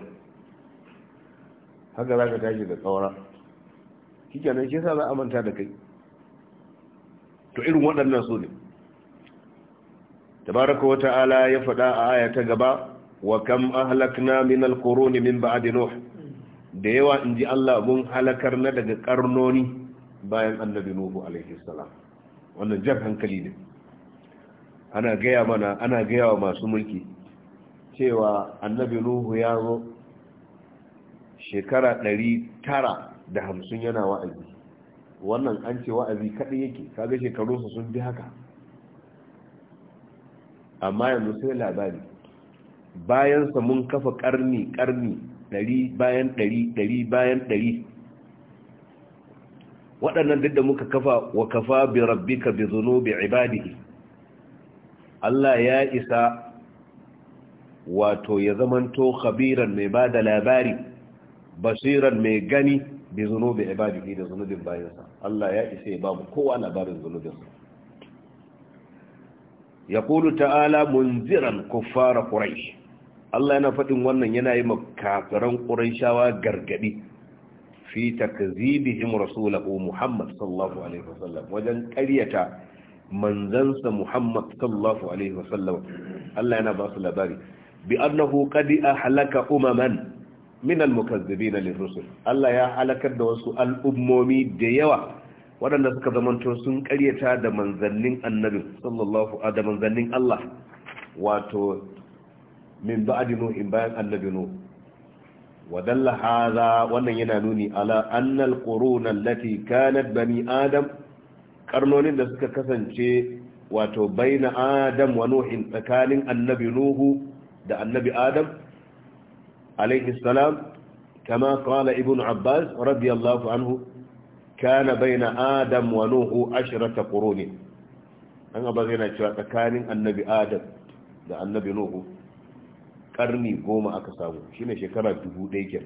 haka za ka tashi da tsawara kenan shi yasa za a manta da kai to irin waɗannan su ne tabaraka wa ta'ala ya faɗa a aya ta gaba wa kam ahlakna min al-quruni min ba'di nuh da yawa in ji Allah mun halakar na daga karnoni bayan annabi Nuhu alaihi salam wannan jar hankali ne ana gaya mana ana gaya wa masu mulki cewa annabi Nuhu ya zo shekara ɗari tara da hamsin yana wa'azi wannan an ce wa'azi kaɗai yake kaga shekarunsa sun bi haka amma yanzu sai labari bayansa mun kafa ƙarni ƙarni ɗari bayan ɗari ɗari bayan ɗari waɗannan duk da muka kafa wa kafa bi rabbika bi zunubi ibadihi Allah ya isa wato ya zamanto khabiran mai bada da labari basiran mai gani bi zunubi ibadihi da zunubin bayansa Allah ya isa ya babu mu kowa labarin zunubinsa ya kulu ta'ala munziran kuffara quraish Allah yana faɗin wannan yana yi makafiran shawa gargadi fi takzibihim rasulahu Muhammad sallallahu alaihi wasallam wajen ƙaryata manzansa Muhammad sallallahu alaihi wasallam Allah yana ba su labari bi annahu qad ahlaka umaman min almukazzibin lirrusul Allah ya halakar da wasu al'ummomi da yawa waɗanda suka zamanto sun ƙaryata da manzannin annabi sallallahu alaihi da manzannin Allah wato min ba'di nuhin bayan annabi nuh wa dalla hadha wannan yana nuni ala anna al-qurun allati kanat bani adam karnonin da suka kasance wato baina adam wa nuhin tsakanin annabi nuhu da annabi adam alaihi salam kama qala ibn abbas radiyallahu anhu kana baina adam wa nuhu ashrata quruni an abaga yana cewa tsakanin annabi adam da annabi nuhu karni goma aka samu shi ne shekara dubu ɗaya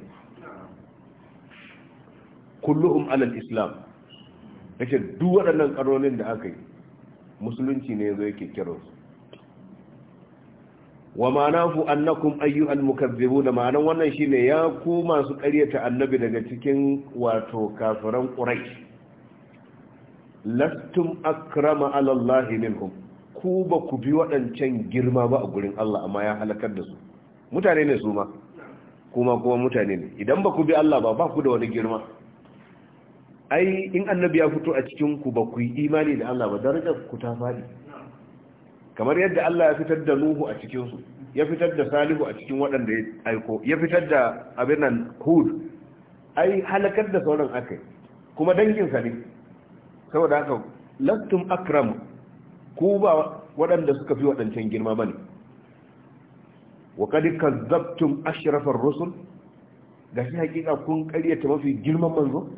kenan alal islam yace duk waɗannan ƙaronin da aka yi musulunci ne zai ke kira su wa ma'anahu annakum ayyuhal da ma'anan wannan shine ya ku masu ƙaryata annabi daga cikin wato kafiran ƙurai lastum akrama ala allahi minhum ku ba ku bi waɗancan girma ba a gurin Allah amma ya halakar da su mutane ne su ma kuma kuma mutane ne idan ba ku bi Allah ba ba ku da wani girma ai in annabi ya fito a cikin ku ba ku yi imani da Allah ba darajar ku ta fadi kamar yadda Allah ya fitar da Nuhu a cikin su ya fitar da Salihu a cikin waɗanda ya aiko ya fitar da abin Hud ai halakar da sauran akai kuma dangin sa ne saboda haka lastum akram ku ba waɗanda suka fi waɗancan girma bane wa kad kazzabtum ashrafar rusul shi hakika kun karyata mafi girman manzo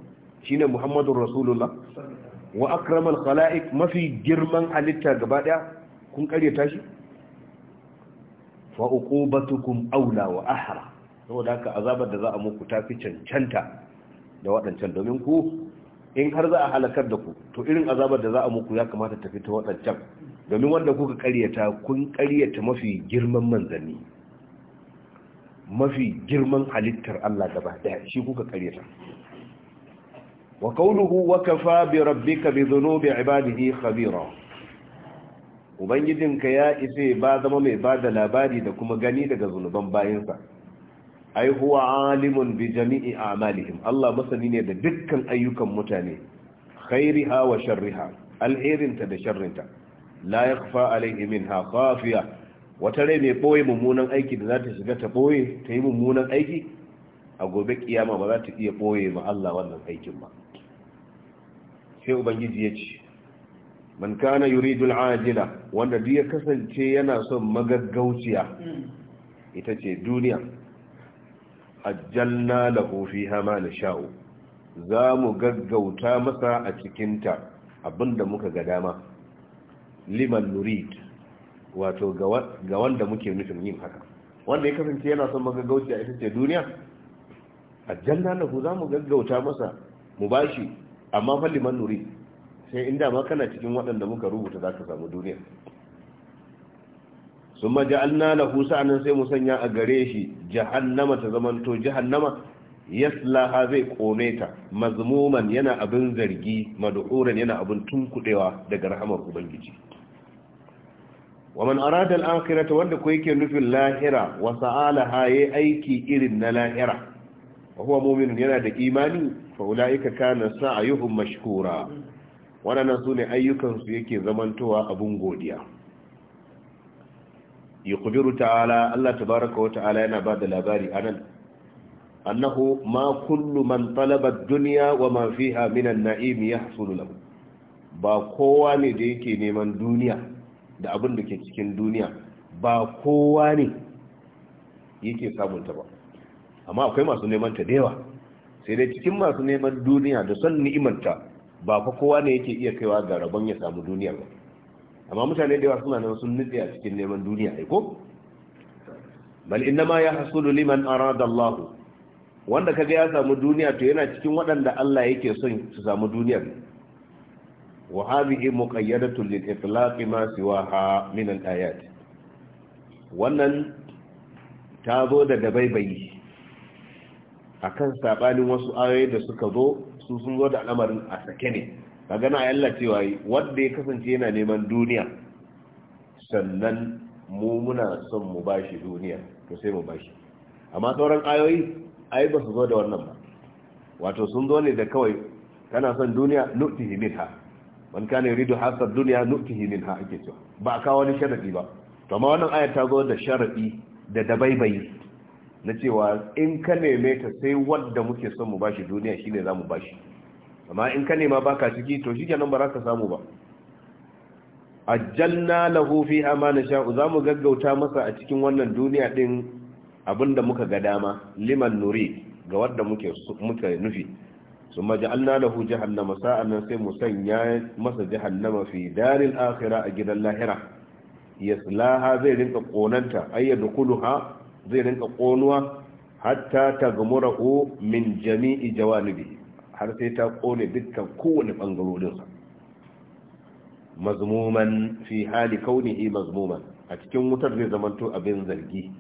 shine muhammadur rasulullah wa akramal khalaiq mafi girman halitta gaba daya kun ƙaryata shi fa uqubatukum aula wa ahra saboda haka azabar da za a muku ta fi cancanta da waɗancan domin ku in har za a halakar da ku to irin azabar da za a muku ya kamata ta fi ta waɗancan domin wanda kuka karyata, kun karyata mafi girman manzanni mafi girman halittar Allah gaba daya shi kuka karyata wa qawluhu wa kafa bi rabbika bi dhunubi ibadihi khabira ubangijinka ya isa ba zama mai bada labari da kuma gani daga zunuban bayinsa ai huwa alimun bi jami'i a'malihim Allah masani ne da dukkan ayyukan mutane khairiha wa sharriha alherinta da sharrinta la yakhfa alayhi minha khafiya wata rai mai ɓoye mummunan aiki da za ta shiga ta ɓoye ta yi mummunan aiki a gobe kiyama ba za ta iya ɓoye ma Allah wannan aikin ba sai ubangiji ya ce man kana yuridul ajila wanda duk ya kasance yana son magaggauciya ita ce duniya ajjalna lahu fiha ma nasha'u za mu gaggauta masa a cikinta abinda muka ga dama liman nurid wato ga wanda muke nufin yin haka wanda ya kasance yana son magagauci a ita ce duniya janna na ku za mu gaggauta masa mu bashi amma falli man nuri sai inda ma kana cikin waɗanda muka rubuta za ka samu duniya sun maja'alna lahu sa'anan sai mu sanya a gare shi jahannama ta zamanto jahannama yaslaha zai kome ta mazmuman yana abin zargi mada'uran yana abin tunkudewa daga rahamar ubangiji wa man arada al-akhirata wanda ko yake nufin lahira wa sa'ala haye aiki irin na lahira wa huwa mu'minun yana da imani fa ulaika kana sa'yuhum mashkura wannan sune ayyukan su yake zamantowa abun godiya yukhbiru ta'ala Allah tabaaraka wa ta'ala yana bada labari anan annahu ma kullu man talaba ad-dunya wa ma fiha min an-na'im yahsul lahu ba kowa ne da yake neman duniya da abin da ke cikin duniya ba kowa ne yake samunta ba amma akwai masu neman ta da yawa sai dai cikin masu neman duniya da son ni'imanta ba fa kowa ne yake iya kaiwa ga rabon ya samu duniya ba amma mutane da yawa suna nan sun nutse a cikin neman duniya ai ko bal innama ya hasulu liman arada Allah wanda kaga ya samu duniya to yana cikin waɗanda Allah yake son su samu duniyar wa hadhihi muqayyadatun lil itlaq ma siwaha min al wannan ta zo da dabaibayi kan saɓanin wasu ayoyi da suka zo su sun zo da al'amarin a sake ne kaga a yalla cewa yi. wanda ya kasance yana neman duniya sannan mu muna son mu bashi duniya to sai mu bashi amma sauran ayoyi ai ba su zo da wannan ba wato sun zo ne da kawai kana son duniya nu'tihi minha man kana yuridu hasad dunya nu'tihi minha ake cewa ba ka wani sharadi ba to amma wannan aya ta zo da sharadi da dabaibayi na cewa in ka neme ta sai wanda muke son mu bashi duniya shine zamu bashi amma in ka nema baka ciki to shi kenan ba za ka samu ba ajanna lahu fi amana sha'u zamu gaggauta masa a cikin wannan duniya din abinda muka ga dama liman nuri ga wanda muke muka nufi sun maja'alna lahu jahannama sa'an nan sai mu sanya masa jahannama fi daril akhira a gidan lahira yaslaha zai rinka konanta ayyadu kuluha zai rinka konuwa hatta ta gamurahu min jami'i jawanibi har sai ta kone dukkan kowane bangarorinsa mazmuman fi hali kaunihi mazmuman a cikin wutar zai zamanto abin zargi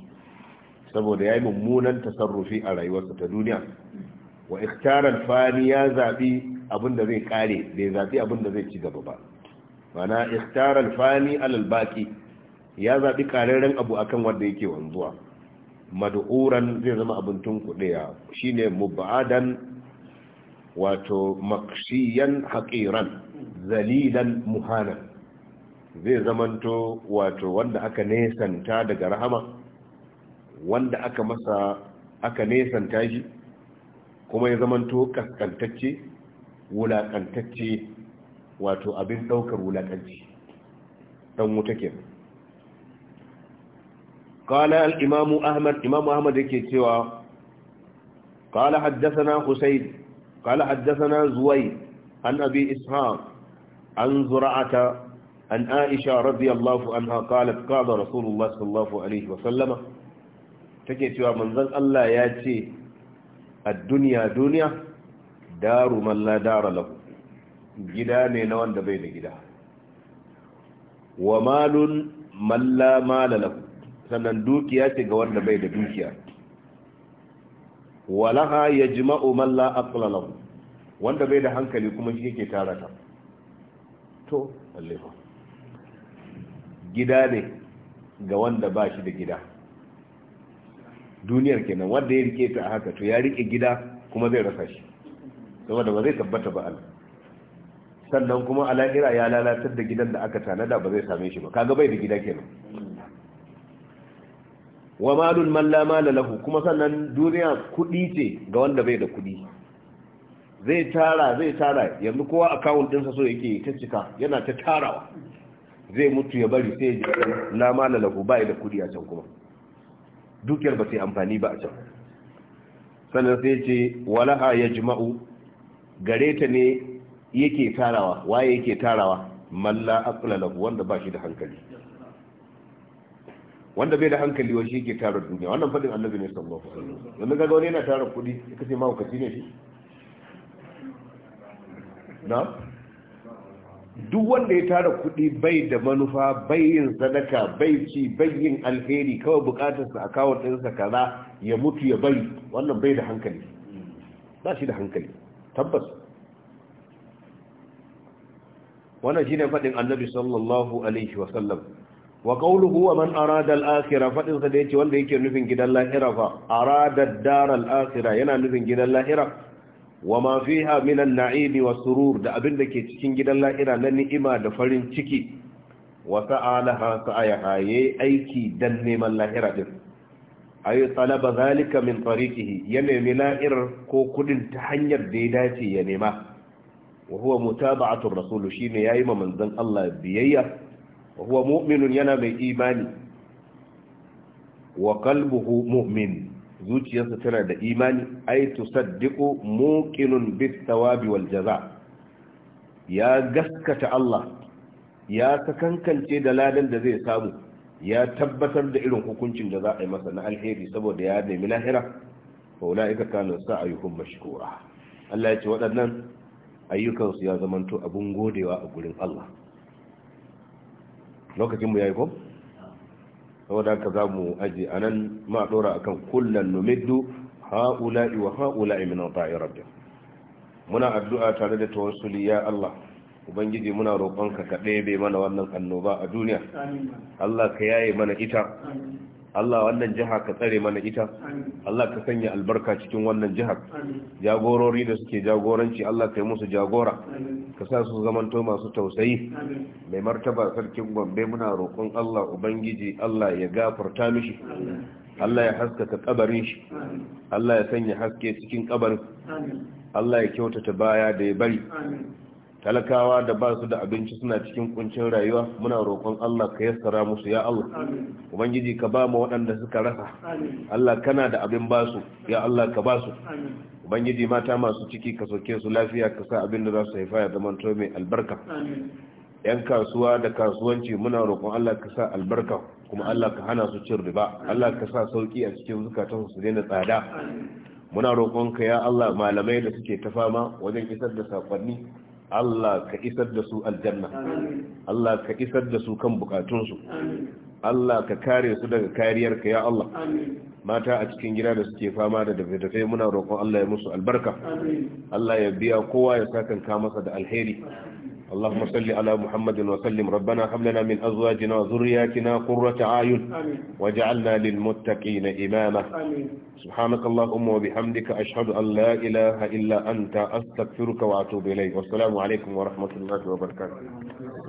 saboda ya yi mummunan tasarrufi a rayuwarsa ta duniya wa iftaran fani ya zabi abin da zai kare bai zabi abin da zai ci gaba ba mana iftaran fani alal ya zabi ƙararren abu akan wanda yake wanzuwa mad'uran zai zama abin tun shi shine mub'adan wato makshiyan haqiran zalilan muhanan zai zamanto wato wanda aka nesanta daga rahama wanda aka masa aka nesanta shi kuma ya zamanto kaskantacce wulakantacce wato abin daukar wulakanci don wuta ke kala al’imamu ahmad imamu ahmad yake cewa kala haddasa husayn kala haddasa na zuwai an abi isha an zura'ata an aisha radiyallahu an haƙala ƙada rasulullah sallallahu alaihi wasallama take cewa manzan allah ya ce ad duniya dunya daru man la dara lahu gida ne na wanda bai da gida wa malun man mala lahu sannan dukiya ce ga wanda bai da dukiya walaha ya jima'u Malla aqla lahu wanda bai da hankali kuma shi ke tara ta to Allah gida ne ga wanda ba shi da gida duniyar kenan wanda ya rike ta a haka to ya rike gida kuma zai rasa shi saboda ba zai tabbata ba al sannan kuma alahira ya lalatar da gidan da aka tanada ba zai same shi ba kaga bai da gida kenan wa malun man la mala lahu kuma sannan duniya kudi ce ga wanda bai da kudi zai tara zai tara yanzu kowa account ɗinsa so yake ta cika yana ta tarawa zai mutu ya bari sai ya ji la mala lahu bai da kudi a can kuma dukiyar ba sai amfani ba a can sannan sai ce walaha ya jima'u gare ta ne yake tarawa waye yake tarawa malla aqlalahu wanda ba shi da hankali wanda bai da hankali wa shi yake tara duniya wannan fadin annabi ne sallallahu alaihi wasallam wanda ga wani yana tara kuɗi kace ma hukaci ne shi na duk wanda ya tara kuɗi bai da manufa bai yin sadaka bai ci bai yin alheri kawai bukatarsa a kawo ɗinsa kaza ya mutu ya bai wannan bai da hankali ba shi da hankali tabbas wannan shi ne faɗin annabi sallallahu alaihi wasallam wa qawluhu wa man arada al-akhirah fadin sa da yace wanda yake nufin gidan lahira fa arada ad-dar al-akhirah yana nufin gidan lahira wa ma fiha minan na'imi wa surur da abin da ke cikin gidan la'ira na ni'ima da farin ciki wa sa'alaha sa'ayaha haye aiki dan neman la'ira din ay talaba zalika min tariqihi ya nemi la'irar ko kudin ta hanyar da ya dace ya nema wa huwa mutaba'atu rasul shine yayi ma manzon Allah biyayya wa huwa mu'minun yana mai imani wa qalbuhu mu'min zuciyarsa tana da imani ai Saddiƙo, muqinun bis thawabi wal jaza ya gaskata Allah ya sakankance da ladan da zai samu ya tabbatar da irin hukuncin da za a yi masa na alheri saboda ya nemi lahira fa ulaika kanu sa'ayuhum mashkura Allah ya ce waɗannan ayyukansu ya zamanto abun godewa a gurin Allah lokacin mu yayi ko saboda haka za mu aji a nan ma ɗora a kan kullum numiddu ha'ula'i wa ha'ula'i min ta'i rabbi muna addu'a tare da tawassuli ya Allah ubangiji muna roƙonka ka ɗebe mana wannan annoba a duniya Allah ka yaye mana ita Allah wannan jiha ka tsare mana ita Allah ka sanya albarka cikin wannan jihar jagorori da suke jagoranci Allah ka yi musu jagora ka sa su to masu tausayi mai martaba sarkin gombe muna roƙon Allah ubangiji Allah ya gafarta mishi Allah ya haskaka kabarin shi Allah ya sanya haske cikin kabarin Allah ya kyautata baya da ya bari talakawa da ba su da abinci suna cikin kuncin rayuwa muna roƙon Allah ka yassara musu ya Allah ubangiji ka ba mu waɗanda suka rasa Allah kana da abin ba su ya Allah ka ba su ubangiji mata masu ciki ka soke su lafiya ka sa abin da za su haifa ya zama to mai albarka yan kasuwa da kasuwanci muna roƙon Allah ka sa albarka kuma Allah ka hana su cin riba Allah ka sa sauki a cikin zukatansu su daina tsada muna roƙonka ya Allah malamai da suke ta fama wajen isar da sakonni Allah ka isar da su aljanna Allah ka isar da su kan bukatunsu Allah ka kare su daga kariyarka ya Allah mata a cikin gida da suke fama da dafe-dafe muna roƙon Allah ya musu albarka Allah ya biya kowa ya sakan ka masa da alheri اللهم صل على محمد وسلم ربنا هب لنا من ازواجنا وذرياتنا قرة اعين واجعلنا للمتقين اماما آمين. سبحانك اللهم وبحمدك اشهد ان لا اله الا انت استغفرك واتوب اليك والسلام عليكم ورحمة الله وبركاته